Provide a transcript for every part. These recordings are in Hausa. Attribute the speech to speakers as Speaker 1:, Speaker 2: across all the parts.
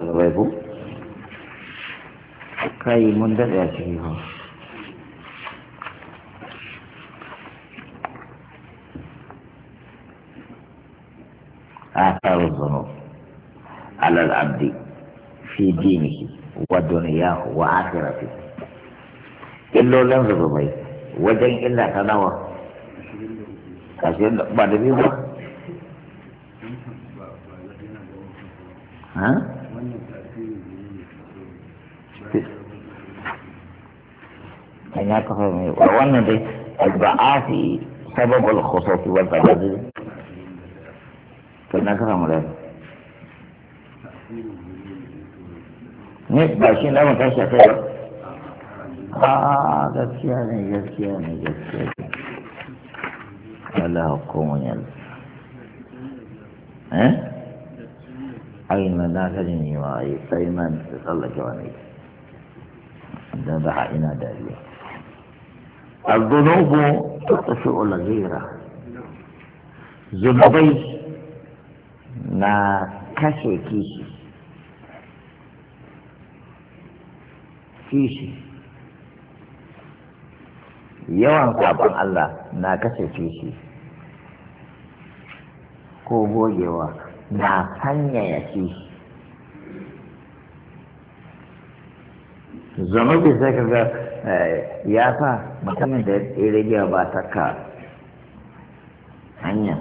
Speaker 1: waibu kai mun daɗa ya cikin hau a tsarin zano alal abdi fi dini wa duniya wa akirafi illolin zubabai wajen illa ta nawa kashe ba da biyu ba Huh? هناك فرمي وانا البعافي سبب الخصوص والتعزيز هناك فرمي نسبة شيء لا مكاشا آه جسياني جسياني جسياني ألا حكومني ألف ها؟ أين لا تجني وعي سيمان تصلى جواني ذبح إنا داريه الذنوب تطفئ الغيرة ذنوبي na kashe kishi yawan sabon Allah na kashe kishi ko gogewa na sanyaya kishi zama bai sai ka ga Eh, ya sa mutumin da ya rage ba ta ka hanya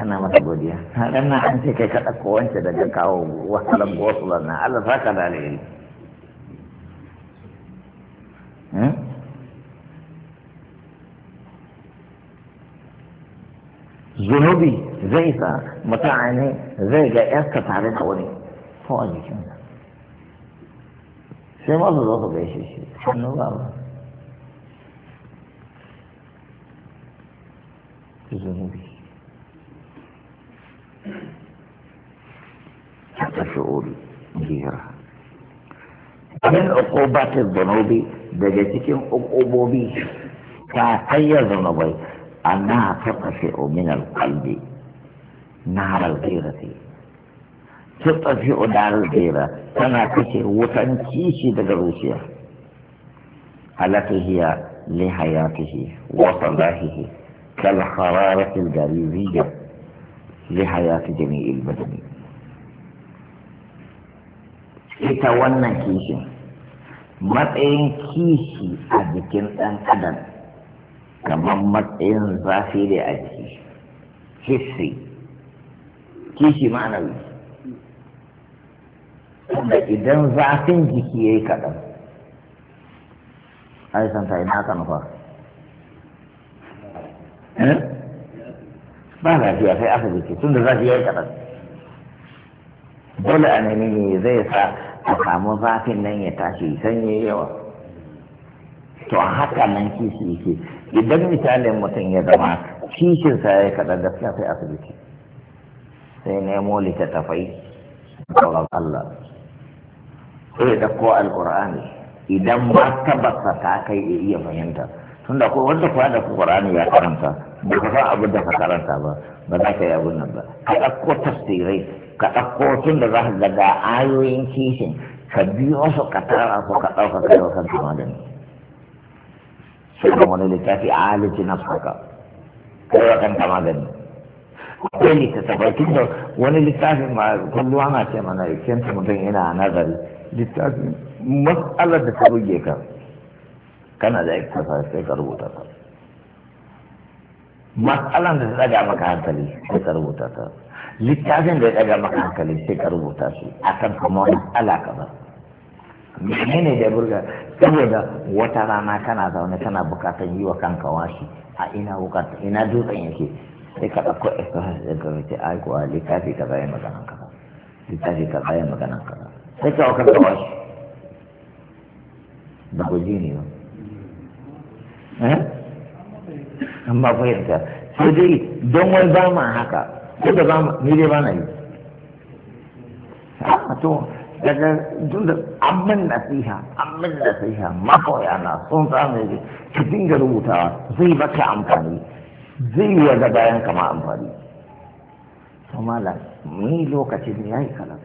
Speaker 1: ana masa godiya ran nan an ce kai ka ɗauko da daga kawo wasalan gosulan na Allah sa ka dalili hmm? zunubi zai sa mutane zai ga yarka tare da wani ko a jikinsa sai ma su zo su gaishe shi hannu ba ba zunubi haka shi'uri jihira min uqubatil zunubi daga cikin uqubobi ta hanyar zunubai annaha taqfi min al-qalbi nahar al-ghirati تطفي أدار الغيرة كما كتير وتنكيش دقى روسيا التي هي لحياته وصلاحه كالحرارة الغريبية لحياة جميع البدن يتوانا كيش ما تين كيش أن أدن كما ما تين ظافر أجكيش كيشي معنى da idan zafin jiki ya yi kaɗan ai san ta ina haka nufa eh? ba lafiya sai aka jiki tun da zafi ya yi kaɗan dole a nemi ne zai sa a samu zafin nan ya tashi sanye yawa to a haka nan kishi yake idan misalin mutum ya zama kishinsa ya yi kaɗan gaskiya sai asibiti sai nemo littattafai Allah sai da ko alqur'ani idan ba basa ta kai ya iya fahimta tunda ko wanda kuwa da qur'ani ya karanta ba ka san abin da ka karanta ba ba za ka yi abin nan ba ka ɗauko tafsirai ka ɗauko tun da za ka ga ayoyin kishin ka biyo su ka tara su ka ɗauka kai wa kanka magani sai wani littafi a halitti na fuka kai wa kanka magani akwai littattafai tun da wani littafi ma kullum ana ce mana ikin mutum ina nazari littafin matsalar da ta ruge ka kana da ikhtasa sai ka rubuta ta matsalar da ta daga maka hankali sai ka rubuta ta littafin da ya daga maka hankali sai ka rubuta shi akan kuma ba kaza ne da burga saboda wata rana kana zaune kana bukatan yi wa kanka washi a ina bukata ina dutsen yake sai ka ɗauko ikhtasa sai ka rubuta ai kuwa littafi kaza ya magana kaza littafi ka ya maganan kaza sai ka wakar da wasu ba ku ji ne ba eh? amma fahimta sai dai don wai ba ma haka ko da ba ma ni dai ba na yi a ah, to daga tun da abin nasiha abin nasiha makoya na sun samu yake ka dinga rubutawa zai baka amfani zai yi wa bayan kama amfani to la ni lokacin ya yi kalam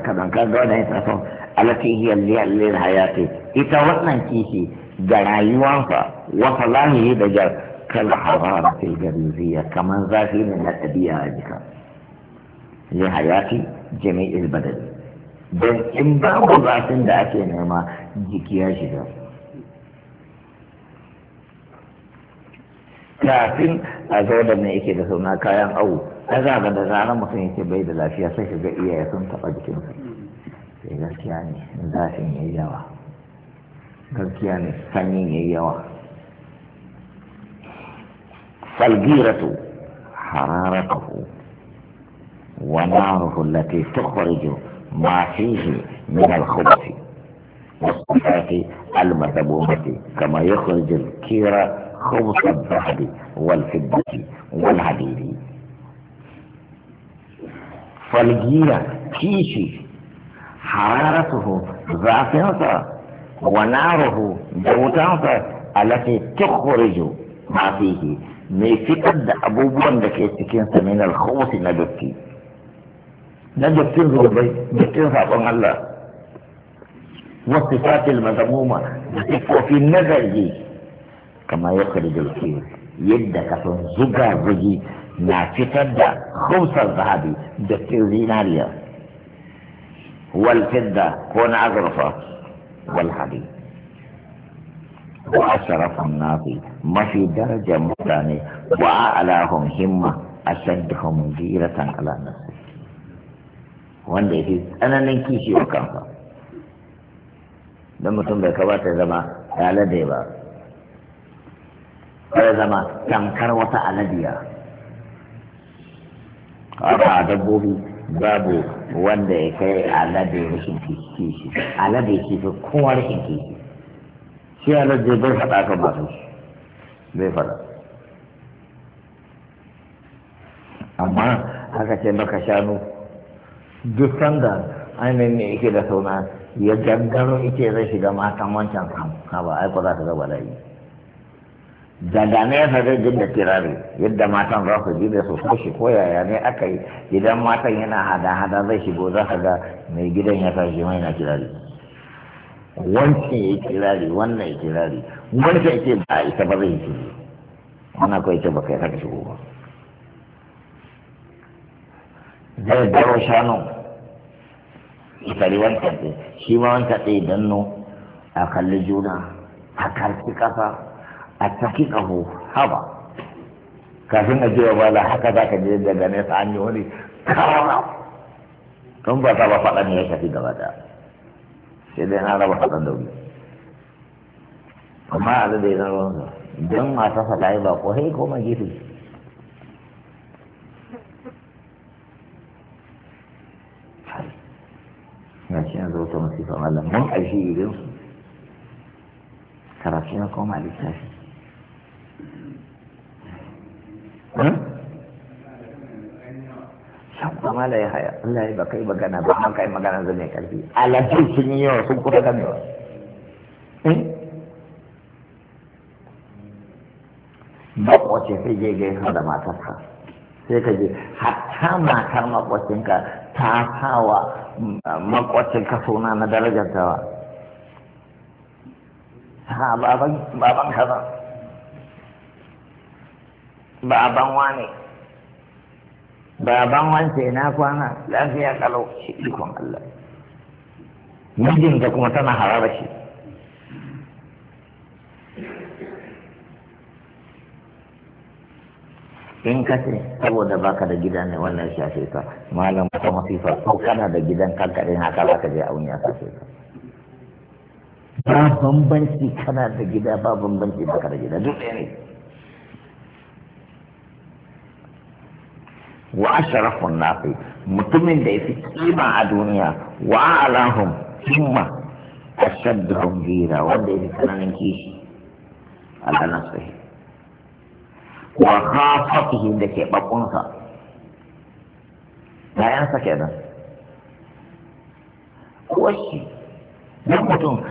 Speaker 1: kaza kaza ka ga wannan ita son alati hiya lil hayati ita wannan kishi da rayuwansa wa salahi da jar kal hararati gariziya kaman zafi ne na tabiya a jika lil hayati jami'il badal dan in babu zafin da ake nema jiki ya shiga kafin a zo da me yake da suna kayan awu ai za ga da zarar mutum yake bai da lafiya sai ka ga iyaye sun taɓa jikinsa sai gaskiya ne zafin ya yi yawa gaskiya ne sanyin ya yi yawa falgiratu hararatahu wa naruhu allati tukhriju ma fihi min al-khubuthi والصفات المذمومة كما يخرج الكير خبز الذهب والفضة والحديد فلگیرا كيشي حرارته ذاتها وناره دوتاتا التي تخرج ما فيه ميفتد أبو بندك إتكين من الخوص نجدتي نجدتين ذو البيت نجدتين فاقن الله والصفات المذمومة نتفو في النظر جي كما يخرج الكير يدك تنزقى الرجيس يا فتر دا خمس الذهبي دا تيزيناريا والفدة كون أغرفة والحبي وأشرف الناطي ما في درجة مكانة وأعلاهم همة أشدهم جيرة على نفسه وان دي في أنا ننكيشي وكافة لما تنبه كواتي زما على ديبا هذا زما تنكر وتعلى ديبا a dabbobi babu wanda ya kai alade rashin kishi alade ke fi kowa rashin kishi shi alade bai faɗa ka masu bai faɗa amma haka ce maka shanu duk sanda ainihin ne yake da sauna ya gangaro ike zai shiga matan wancan kan ba aiko za ta gaba da yi daga nesa jin da kirari yadda matan za su ji da su so shi ko yaya ne aka yi idan matan yana hada-hada zai shigo za ka ga mai gidan ya sa shi mai na kirari wancan ya yi kirari wannan ya kirari wancan ya ce ba a isa ba zai yi wannan kawai ce ba kai saka shigo ba zai daro shanu itari wancan ce shi ma wancan ɗaya danno a kalli juna a karfi ƙasa a tafi ƙaho haba kafin a jiwa ba za haka za ka je daga nesa an yi wani kara tun ba ta ba faɗa ne ya shafi gaba da sai dai na raba faɗan da wuri amma a zai na ruwansa don masu faɗa yi ba ko hei ko ma gefe na shi yanzu wata masifa mallam mun aishi irinsu karatu na koma littafi ba mala ya haya Allah ya baka yi magana ba ma kai magana zai mai karfi alaƙi sun yi yawa sun kusa gamewa eh? makwace sai je gaisa da matarsa sai ka je hatta matar makwacinka ta sawa makwacinka suna na darajar tawa ha baban baban kaza baban wane baban wance na kwana lafiya kalau shi ikon Allah mijinta kuma tana harara shi in ka ce saboda baka da gida ne wannan shafe ka malam ta masifa ko kana da gidan kanka din haka za ka je a ya shafe ka ba bambanci kana da gida ba bambanci baka da gida duk ɗaya ne wa asharafun nafi mutumin da ya fi kima a duniya wa alahum himma ashadduhum gira wanda ya fi tsananin kishi a ala nafsihi wa khafatihi da ke bakunsa bayansa kenan shi, na mutum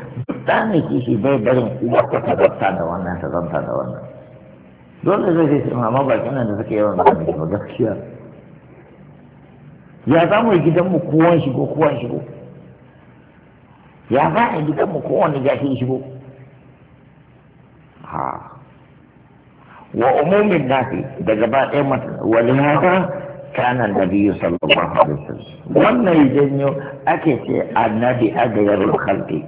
Speaker 1: da ne kishi bai barin uwa ta tazarta da wannan tazarta da wannan dole zai ce amma bakin nan da suke yawan da ba gaskiya ya za mu yi gidanmu kowan shigo kowan shigo ya za a yi gidanmu kowanne jakin shigo ha wa umumin nafi da gaba ɗaya mata wani haka kana nabi sallallahu alaihi wasallam wannan janyo ake ce annabi agayarul khalqi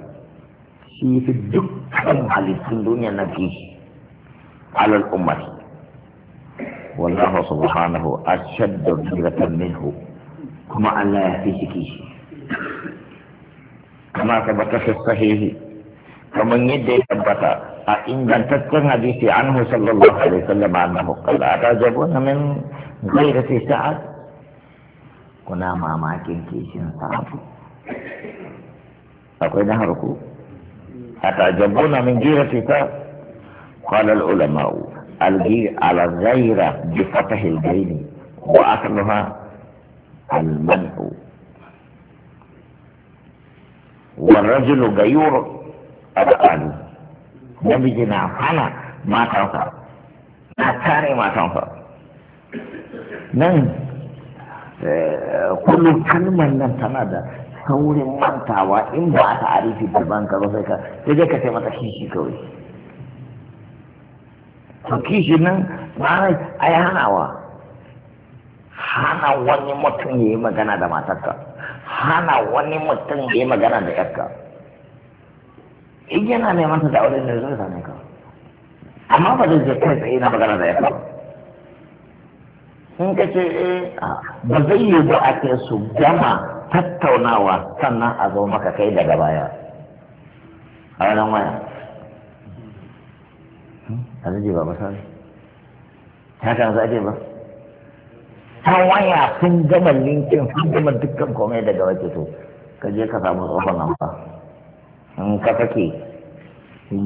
Speaker 1: shi fi dukkan halittun duniya na fi alal ummati wallahu subhanahu ashaddu ghiratan minhu kuma Allah ya fi shi kishi kama tabbata fi sahihi kamar yadda ya tabbata a ingantaccen hadisi an sallallahu alaihi wasallam annahu qala na min ghayrati sa'ad kuna mamakin kishin sa'afu akwai na harku atajabuna min ghayrati sa'ad qala al ulama al ghayra bi fathil ghayn wa asluha المنع والرجل غيور الآن نبينا حنا ما تنفع نتاري ما تنفع نعم كل كلمة لم تنادى saurin mantawa in ba ta arifi daban ka ba sai ka sai dai ka sai mata kishi kawai to kishi nan ba ai hanawa hana wani mutum ya yi magana da matarka hana wani mutum ya yi magana da yarka in yana neman ta da aure ne zai same ka amma ba zai je kai tsaye na magana da yarka in ka ce eh, ba zai yi ba a kai su gama tattaunawa sannan a zo maka kai daga baya a wannan waya hmm? a zai ba misali ya kan za ba ta waya sun gama linkin sun gama dukkan komai daga wace to ka je ka samu tsofan nan fa in ka kake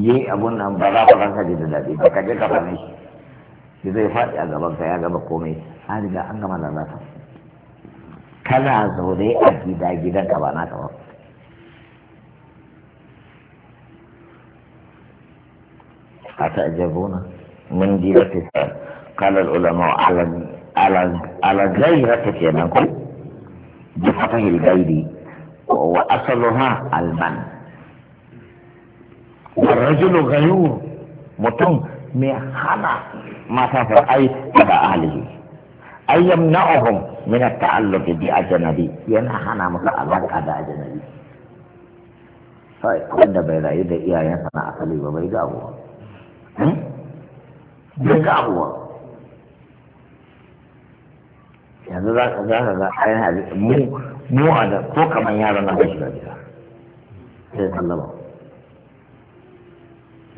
Speaker 1: yi abun nan ba za ka ranka ji da daɗi ba ka je ka same shi shi zai faɗi a gaban ka ya gama komai an riga an gama lalata kana zaune a gida gidan ka ba naka ba أتعجبون من ديرة قال العلماء على على الغيرة كينا بفتح الغير وأصلها المن والرجل غيور متم من حنا ما تفعل أي تبع أهله أي يمنعهم من التعلق بأجنبي ينحنا متعلق هذا أجنبي wanda bai rayu da iyayensa na asali ba bai ga abuwa bai yanzu za ka za ka ga ayin hadisi mu mu a da ko kamar yaron na bai shiga gida sai sallama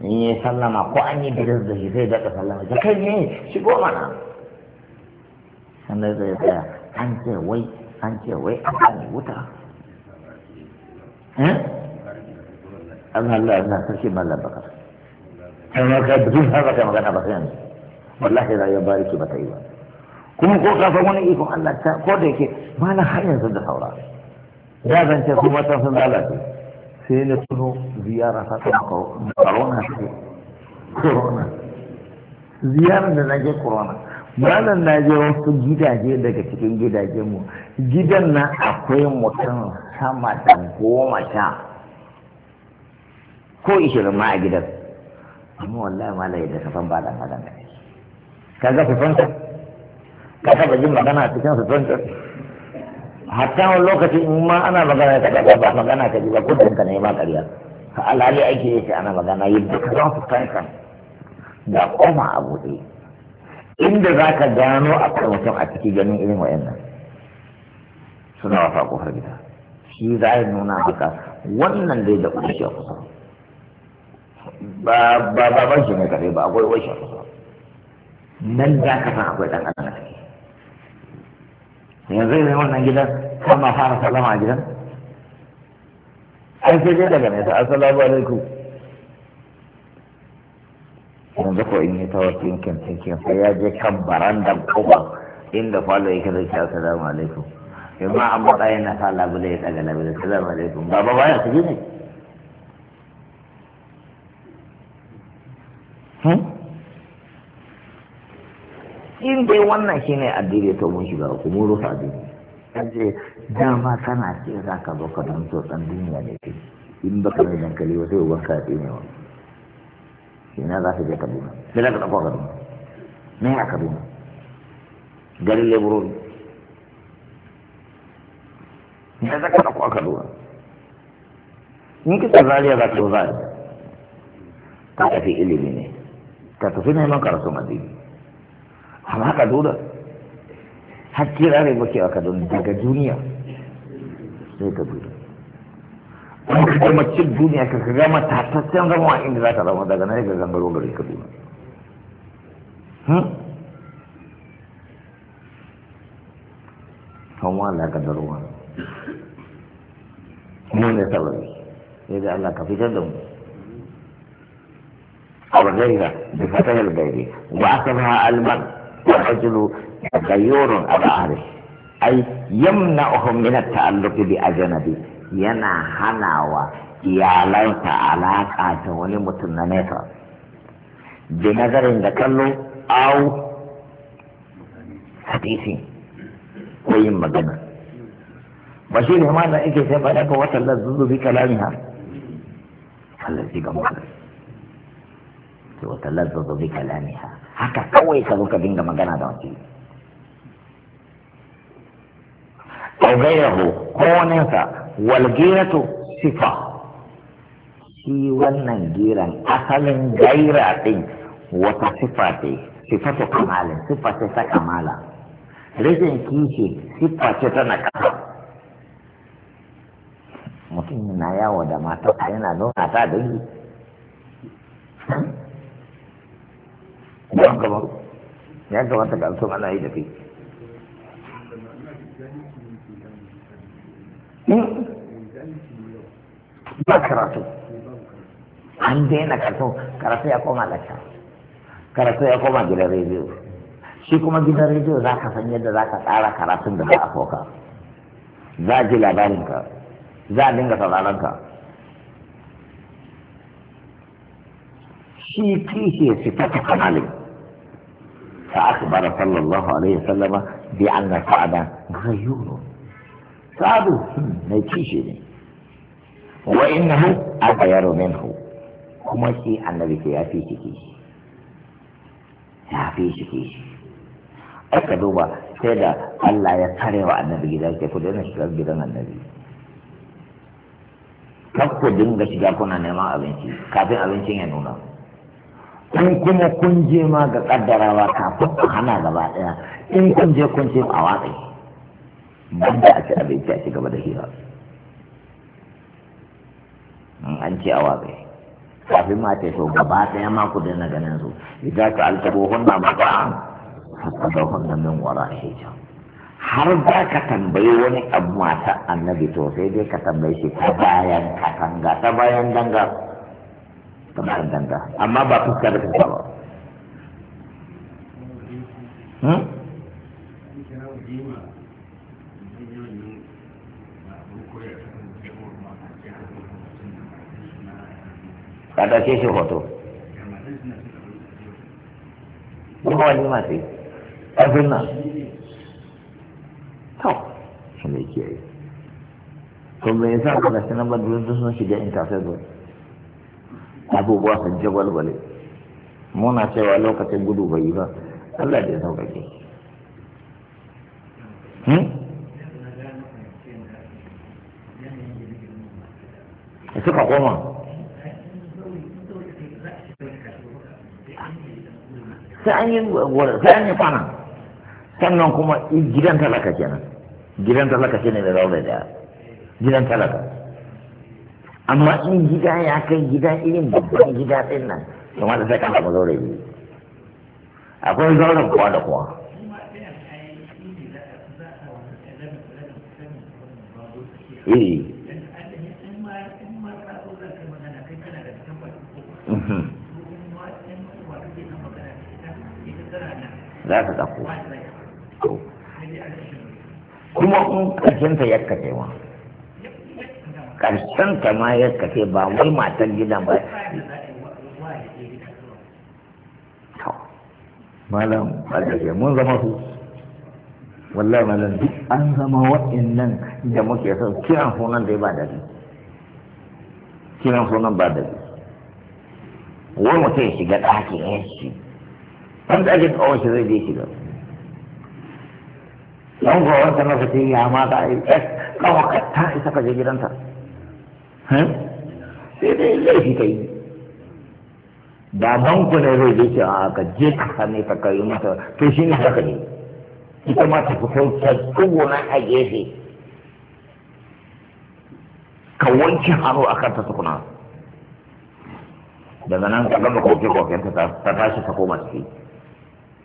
Speaker 1: in yi sallama ko an yi bidas da shi sai daɗa sallama shi kai ne shigo mana sannan zai tsaya an ce wai an ce wai an kane wuta an hallu an sarki mallar bakar kai ma kai bikin har baka magana ba sai yanzu wallahi rayuwar bariki ba ta yi ba kuma ko kafa wani ikon Allah ta ko da yake mana har yanzu da saura ya zance su matan sun lalace sai na tuno ziyara ta corona ce corona ziyarar da nake corona malam na je wasu gidaje daga cikin gidajen mu gidan na akwai mutum sama da goma sha ko ishirin ma a gidan amma wallahi malayi da kafan ba da malam kaga fufanka ka taba jin magana a cikin sutura hatta wani lokaci in ma ana magana ka daga ba magana ka ji ba ko dinka ne ma ƙarya alhali aiki yake ana magana yi duka za su kankan da koma a buɗe inda za ka gano a kan mutum a ciki ganin irin wa'annan suna wasa kofar gida shi za ya nuna haka wannan dai da ƙunshi a kusa ba ba ba shi ne kare ba akwai wasu a kusa nan za ka san akwai ɗan adam a ciki yanzu zai wannan gidan kama fara salama a gidan ai sai dai daga nesa assalamu alaikum yanzu ko in yi ta wasu yankin cikin sai ya je kan barandan koba inda falo yake zai ce assalamu alaikum yanzu an baɗa yana sa labule ya ɗaga labule assalamu alaikum baba baya su ne hmm? in dai wannan shi ne addini ta mun shiga ku mun rufe addini ce dama kana ce za ka zo ka dan to dan duniya ne ke in ba ka mai dankali wasu uban ka tsine wa ina za ka je kaduna Me za ka ɗauko kaduna ne a kaduna garin leburori ne za ka ɗauko a kaduna in kisa zariya za ka zo zariya ka tafi ilimi ne ka tafi neman karatun addini har haka dole har kira ne baki a kaduna daga duniya sai ka dole an ka gama cin duniya ka ka gama tatattun zama a inda za ka zama daga nan ka gangaro gari ka dole kan wala ka darwa mu ne sabari yadda Allah ka fitar da mu أو غيره بفتح الغير وأصلها المرء الرجل غيور على أهله أي يمنعهم من التعلق بأجنبي ينا هناوا يا ليت علاقة ولمت النميطة بنظر ذكر أو حديث ويم مجنة بشير ما لا إيكي سيبا لك وتلذذ بكلامها الذي قمت وتلذذ بكلامها haka kawai ka zo ka dinga magana da wakili ko gairahu ko waninsa walgiratu sifa shi wannan giran asalin gaira din wata sifa ce sifa ta kamalin sifa ce ta kamala rashin kishi sifa ce ta nakasa mutum na yawo da mata yana nuna ta dangi ba gaba ya kamata ka san ana yi da kai hmm? ba karatu an daina karatu karatu ya koma lacca karatu ya koma gidan rediyo shi kuma gidan rediyo za ka san yadda za ka tsara karatun da za a soka za a ji labarinka za a dinga sauraron shi kishi ya fita ta kanalin فأخبر صلى الله عليه وسلم بأن سعد غيور سعد نتيجة وإنه أغير منه كما شيء النبي يا في شيء ya fi shi ke shi aka duba sai da Allah ya tare wa annabi gida ke ku daina shiga gidan annabi kan ku dinga shiga kuna neman abinci kafin abincin ya nuna in kuma kun je ma ga kaddarawa kafin a hana gaba daya in kun je kun ce a watsi banda a ci abinci a ci gaba da hira an ce a watsi kafin ma ce so gaba daya ma ku daina ganin su idan ka altabo hunna ma ba haka da hunna min wara hijab har za ka tambayi wani abu mata annabi to sai dai ka tambaye shi ta bayan katanga ta bayan danga kamar danga amma ba fuska da fuska ba ka ɗauke shi hoto kuma wani masu ƙarfin nan Tau. shi ne ke yi to me yasa ka ga sanar ba dole sun shiga interface abubuwa sun jagwalgwale muna cewa lokacin gudu bai yi ba Allah da ya sauƙaƙe hmm? suka koma sai an yi sai an kwana sannan kuma gidan talaka kenan gidan talaka ne da zaune da gidan talaka amma in gida ya kai gida irin babban gida ɗin nan kuma da sai samu zaure biyu akwai zauren kuwa da kuwa eh. mhm. za ka kuma in ƙarfinta yakka cewa karshen ta ma ya kace ba wai matan gidan ba malam alƙashe mun zama su wallahi malam duk an zama waɗannan da muke son kiran sunan da ya ba da dadi kiran sunan ba da dadi wai mutum ya shiga ɗakin ya shi an da ake tsawon shi zai je shiga yan gowar ta na fitin ya mata a yi eh, ƙawa ta isa ka je gidanta sai dai laifi ka yi baban ku ne zai dace a ka je ka sami ta ka kai mata to shi ne haka ne ita ma ta fito ta tsuguna a gefe ka wanke hannu a kan ta tukuna daga nan ka gama koke koken ta ta tashi ta koma ciki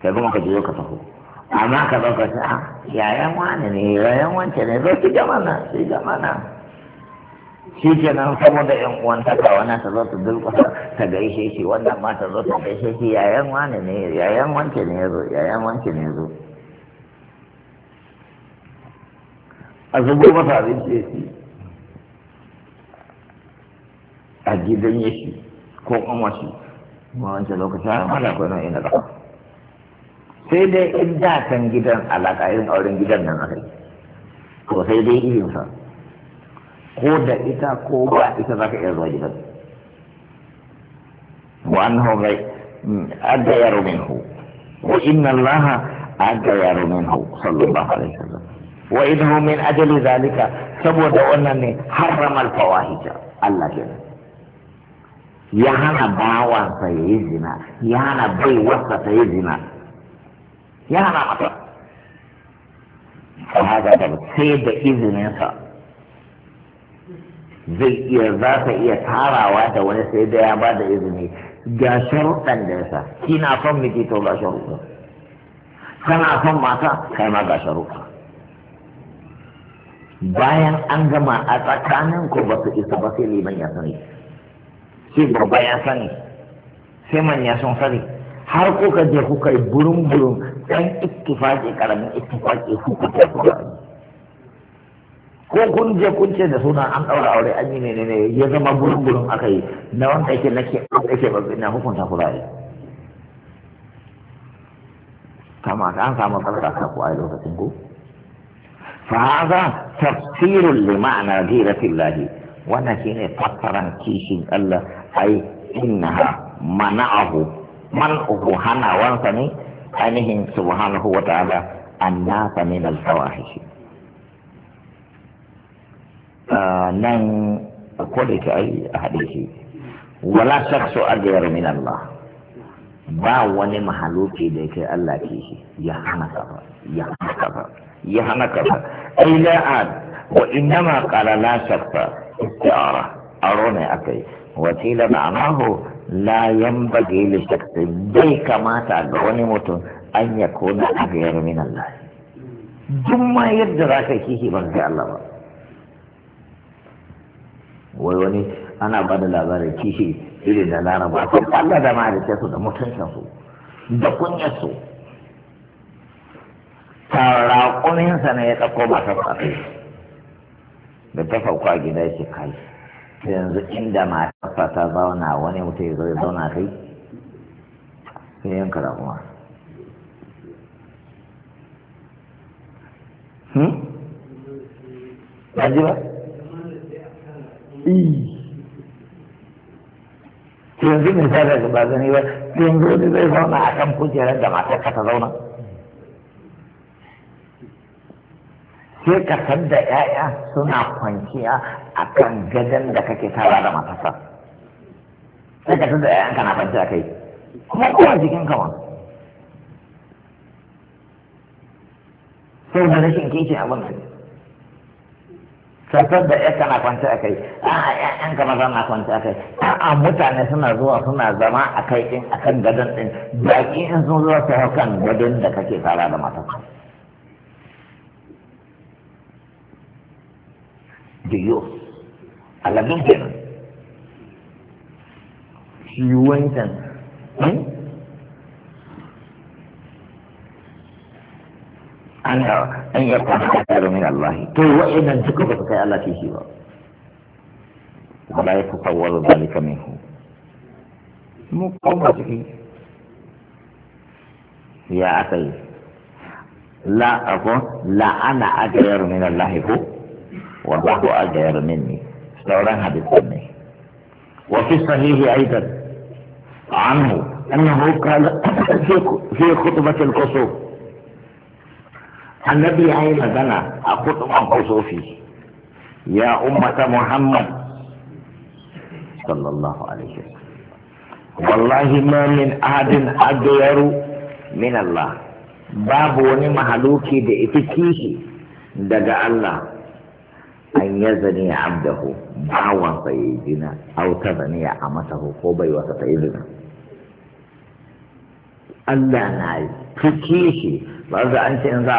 Speaker 1: kai zama ka jiyo ka taho amma ka zo ka a yayan wani ne yayan wance ne zai ki gama ki na shi ke nan saboda yan kawo na ta zo ta durkusa ta gaishe shi wannan ma ta zo ta gaishe shi yayan wani ne yayan wanke ne yazo yayan wanke ne yazo a zubo masa abinci ya ci a gidan ya shi ko kuma shi ma wancan lokaci har ma ko kwanan ina kafa. sai dai in da kan gidan alaƙa irin auren gidan nan akai, yi to sai dai irin sa ko da ita ko ba ita za ka iya zuwa gidan wa annahu gai adayaru minhu wa inna allaha adayaru minhu sallallahu alaihi wasallam wa innahu min ajali zalika saboda wannan ne harrama alfawahija Allah kenan ya hana bawansa ya yi zina ya hana baiwarsa ta yi zina ya hana mata fa haka da sai da izininsa zai iya za ka iya tarawa da wani sai da ya ba da izini ga sharuɗan da yasa kina son miki to ga sharuɗan kana son mata kai ma ga sharuɗan bayan an gama a tsakanin ku ba su isa ba sai liman ya sani sai babba ya sani sai manya sun sani har kuka je kuka yi burin burin ɗan ittifaki karamin ittifaki kuka kuka ko kun je kun ce da suna an ɗaura aure an yi menene ya zama gurgurun aka yi na wanda yake nake yake babbi na hukunta ku raye kama an samu tsarkaka ku a lokacin ku fa haza tafsirul li ma'ana diratillahi wannan shine fassaran kishin Allah ai innaha mana'ahu man'uhu hanawansa ne ainihin subhanahu wa ta'ala annasa min al-fawahishi nan akwai da ke ai a haɗe shi wala shaksu agayar min Allah ba wani mahaloki da yake Allah ke shi ya hana kafa ya hana kafa ya hana kafa ai la'ad wa innama qala la shakfa isti'ara aro ne akai wasila ma'anahu la yanbaghi li shakhsi bai kamata ga wani mutum an yakuna agayar min Allah duk ma yadda za ka kishi ban ga Allah ba wai wani ana ba da labarin kishi irin da laraba su Allah da ma'aikata su da mutuncin su da kunyar su tarakuninsa ne ya ɗauko masu tsari da ta sauka gida ya ce kai yanzu inda matarsa ta zauna wani mutum ya zo zauna kai sai yanka damuwa Hmm? Ba yanzu mai sa daga ba ba yanzu wani zai zauna a kan kujerar da matar ka ta zauna sai ka san da 'ya'ya suna kwanciya a kan gadon da kake tara da matasa, sai ka san da 'ya'yanka kana kwanciya kai kuma kowa jikin kama sau da rashin kicin abin nan sarfar da yaka na kwanci a kai a'a ƴaƴan ka maza na kwanci a kai a'a mutane suna zuwa suna zama a kai din a kan gadon din baki in sun zuwa su hau kan gadon da kake fara da matan diyo aladun kenan shi wancan hmm? على أن يكون خير من الله كي وإن الذكر في الله فيه ولا يتصور ذلك منه مقومته يا أخي لا أقول لا أنا أجير من الله هو والله أجير مني سوران حديثني وفي الصحيح أيضا عنه أنه قال في خطبة الكسوف annabi ya yi magana a kuɗin kusofi ya ummata muhammad sallallahu alaihi wallahi ma min adin adyaru min allah babu wani mahaluki da ita kishi daga allah an ya zane ya abdahu bawansa ya yi zina auta zane ya amata ko bai wasa ta yi zina allah na fi kishi ba za an ce in za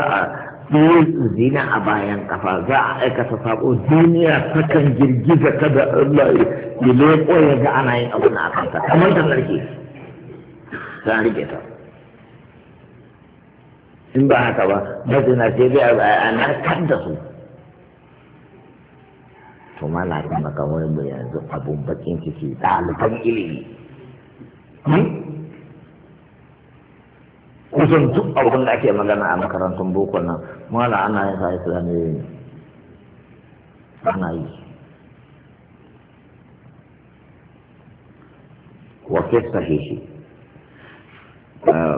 Speaker 1: a ɗaya zina a bayan kafa za a aikata sabo duniya kan girgiza ta da Allah ya leƙo ya ga ana yin abu na kanta kamar da za a rike ta in ba haka ba zina ce bai a narkar da su to na kamar wani yanzu abun bakin ciki ɗaliban ilimi hmm? kusan duk abin da ake magana a makarantun boko nan mala ana yin sa islamiyoyi ne ana yi wakil sahihi eh,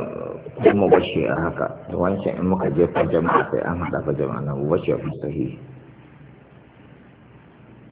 Speaker 1: kuma bashi a haka da wancan in muka je fa jama'a sai an haɗa fa jama'a na bashi a sahihi